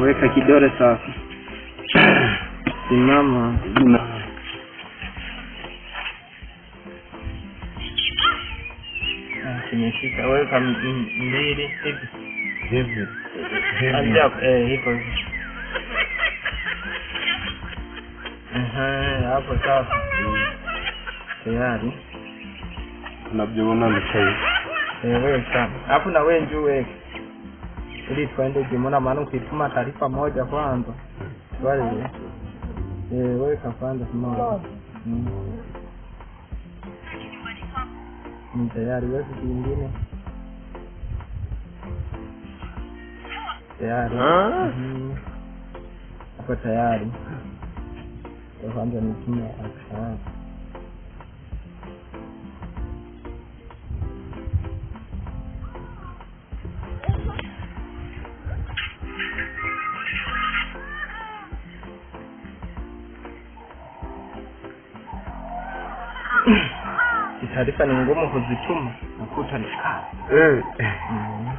weka kidole safi, simama ah, kimeshika, weka mbili hivi hivyo eh, hapo. Safi, tayari nabyo unamsaidia. Eh, hapo na wewe njoo ili tuende jimona maana ukituma taarifa moja kwanza wale weka kwanza kimoja ni tayari weki kingine tayari mm-hmm. uko tayari kwanza nitume aksha taarifa ni ngumu kuzituma nakuta ni kazi eh. mm.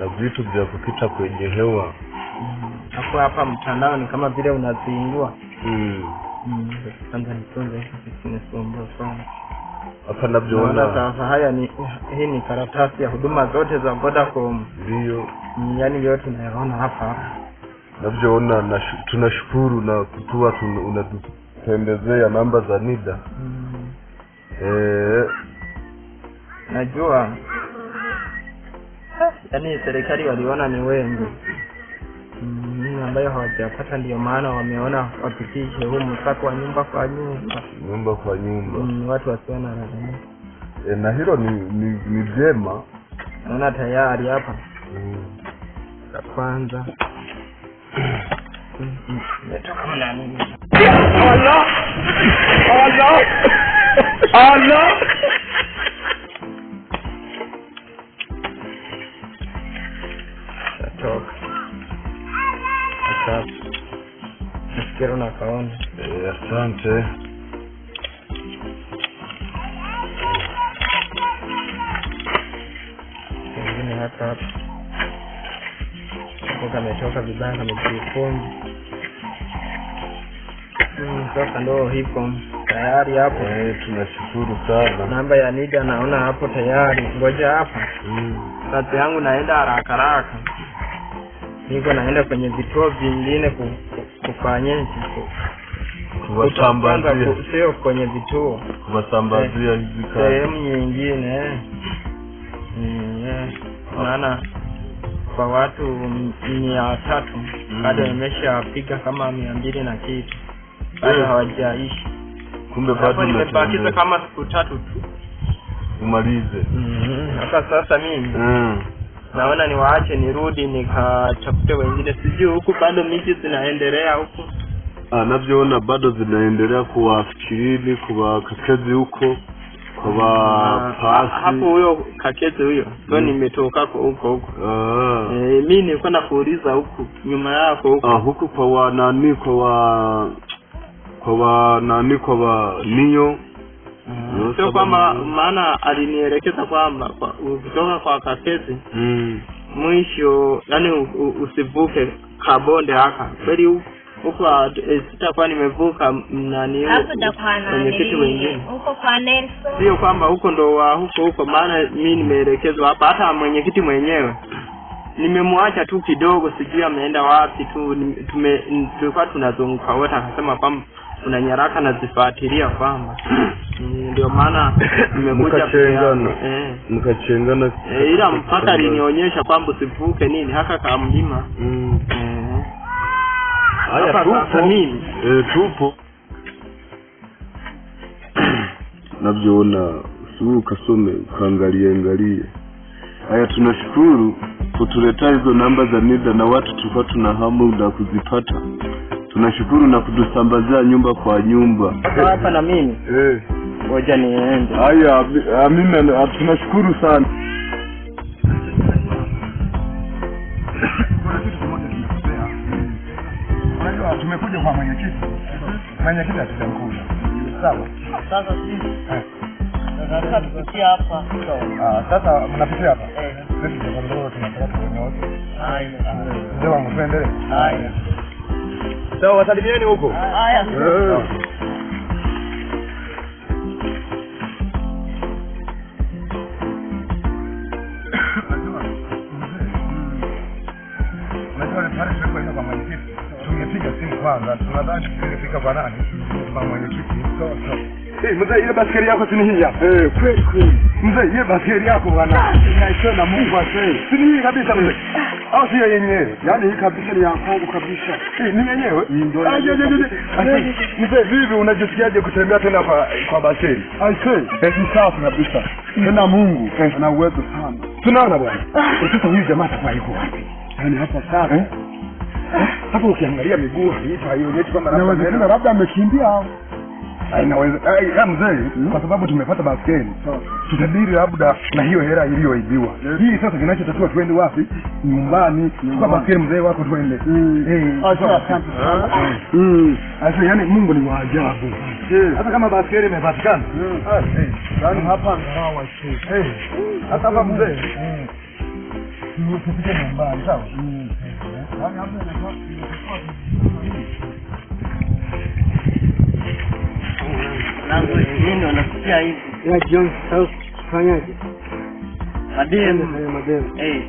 na vitu vya kupita kwenye hewa mm. hapo hapa mtandao ni kama vile unaziingua mm. hapa navyoona sasa haya ni hii ni karatasi ya huduma zote za Vodacom ndio yani yote tunayaona hapa navyoona tunashukuru na kutua tun, unatutembezea namba za NIDA mm. Eh. najua yaani serikali waliona ni wengi mm, ambayo hawajapata, ndio maana wameona wapitishe huu msako wa nyumba kwa nyumba nyumba kwa nyumba mm, watu wasiwe na E, na hilo ni ni, ni jema. Naona tayari hapa mm. kwanza nimetoka mm, mm. mnani ¡Ah, oh, no! Quiero una Eh, Bastante. Viene acá. Choca, me choca, me baja, me está Tocando hip hop. tayari hapo. Eh, tunashukuru sana. Namba ya NIDA naona hapo tayari, ngoja hapa hmm. kazi mm. yangu naenda haraka haraka, niko naenda kwenye vituo vingine kufanyia kuwasambazia, sio kwenye vituo, kuwasambazia eh, hizi kazi sehemu nyingine eh, eh. maana kwa watu mia tatu bado hmm. imeshapiga kama mia mbili na kitu bado hawajaishi kumbe bado nimebakiza kama siku tatu tu umalize sasa. mm -hmm. Sasa mimi mm. naona niwaache nirudi nikatafute wengine, sijui huku bado miji zinaendelea huku anavyoona ah, bado zinaendelea kuwa fikirini kuwa kakezi huko kuwa pasi hapo huyo kakezi huyo ndio mm. nimetoka huko huko ah. E, mimi nilikuwa nakuuliza huku nyuma yako huko ah, huku kwa wa nani kwa wa kwa ba nani kwa ba mm. sio kwamba maana alinielekeza kwamba kwa, ukitoka kwa kaseti mm. mwisho yani usivuke kabonde haka kweli huko e, eh, sitakuwa nimevuka nani kwenye mwenyekiti wengine sio kwamba huko ndo wa huko huko maana mi nimeelekezwa hapa hata mwenyekiti mwenyewe nimemwacha tu kidogo sijui ameenda wapi tu tume tulikuwa tunazunguka wote akasema kwamba kuna nyaraka nazifuatilia kwamba ndio maana nimekuja mkachengana eh. eh, ila mpaka alinionyesha kwamba usivuke nini haka ka mlima mm. eh. haya tupo eh, tupo navyona suu kasome ukaangalie angalie haya tunashukuru kutuletea hizo namba za NIDA na watu tulikuwa tuna hamu na kuzipata tunashukuru na kutusambazia nyumba kwa nyumba hapa na mimi eh. ngoja niende haya ah, mimi ah, tunashukuru sana tumekuja kwa mwenyekiti mwenyekiti akitamkula sawa sasa tunapitia hapa ah, sasa mnapitia hapa eh. tunapeleka kwenye wote ndio wangu tuendelee sawa wasalimieni huko haya mzee ile baskeli yako sini hii hapa eh, kweli kweli mzee ile baskeli yako bwana ah. naisema mungu asante. sini hii kabisa mzee au sio yenyewe? Yaani hii kabisa ni ya Kongo kabisa. Eh, ni yenyewe. Ndio. Aje aje aje. Mzee vipi unajisikiaje kutembea tena kwa kwa baseli? Aise, eh, ni safi kabisa. Tena Mungu eh. ana uwezo sana. Tunaona bwana. Ah. Sasa huyu jamaa atakuwa yuko wapi? Yaani hapa sasa. Eh? Hapo ukiangalia miguu hii haionyesha kwamba labda amekimbia Ah, inaweza ah, eh, ah, mzee, hmm? kwa sababu tumepata baskeli, tutadiri labda na hiyo hela iliyoibiwa hii. Sasa kinachotakiwa tuende wapi? Nyumbani kwa baskeli, mzee wako, tuende. Hmm. Eh, hmm. Yani Mungu ni waajabu. Hata kama baskeli imepatikana hapa mzee nyumbani, sawa eh, yaani aí? Ja John South fanyaje. Madem. Madem. Eh.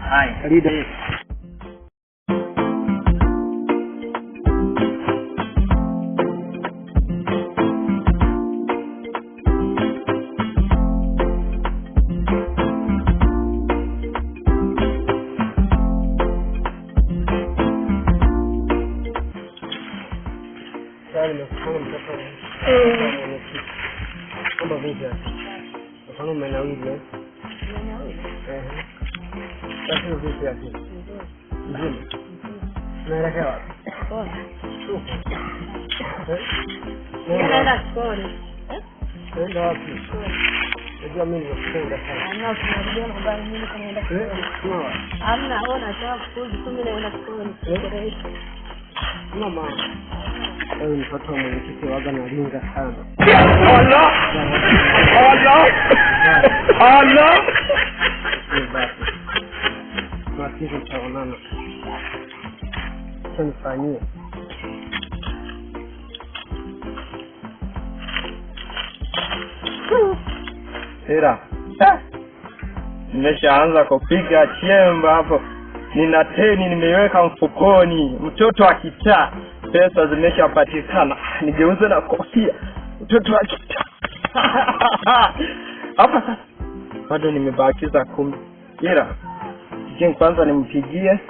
Hai. Kali Lakini vipi lakini? Mzima. Unaelekea wapi? Sokoni. Naenda sokoni. Naenda wapi? Najua mimi nakupenda sana. Hamna tunajua kwamba mimi kanaenda eh, sokoni. Hamna, wewe unataka kukuzi kumbe naenda sokoni. Eh? Kuna maana. Wewe ni mtoto wa mwenyekiti waga na linga sana. Allah. Allah. Allah kitu cha chanifanyie Ila nimeshaanza kupiga chemba hapo, nina teni nimeiweka mfukoni, mtoto akitaa pesa zimeshapatikana, nigeuze na kofia, mtoto akitaa hapa sasa bado nimebakiza kumi ila lakini kwanza nimpigie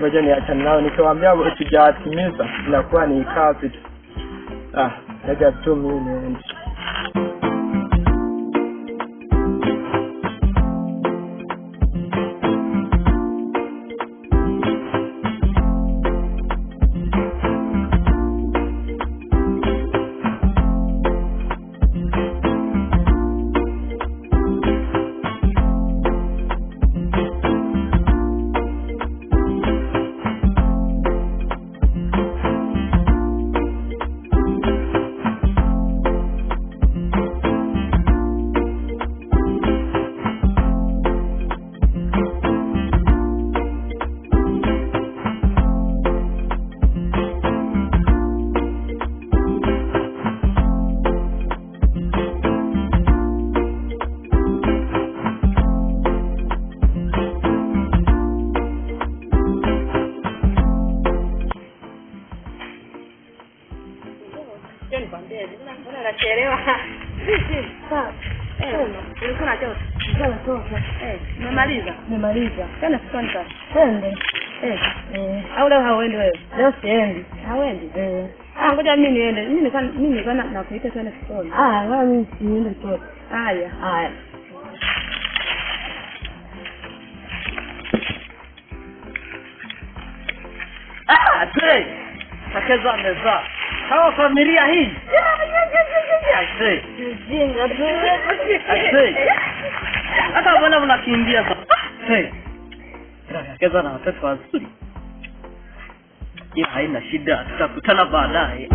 moja niachane nao nikiwaambia tujawatimiza inakuwa ni kazi tu ah, tu mimi Eh, nimemaliza. Nimemaliza. Tena sasa. Twende. Eh. Eh. Au leo hauendi wewe? Leo siendi. Hauendi? Eh. Ah, ngoja mimi niende. Mimi nilikuwa mimi nilikuwa na kuita twende sokoni. Ah, wala mimi niende sokoni. Haya. Haya. Ah, tei. Takeza meza. Hawa familia hii. Ajei. Ajei. Ajei. Hata mbona mnakimbia sasa? na watoto wazuri. haina shida, tutakutana baadaye.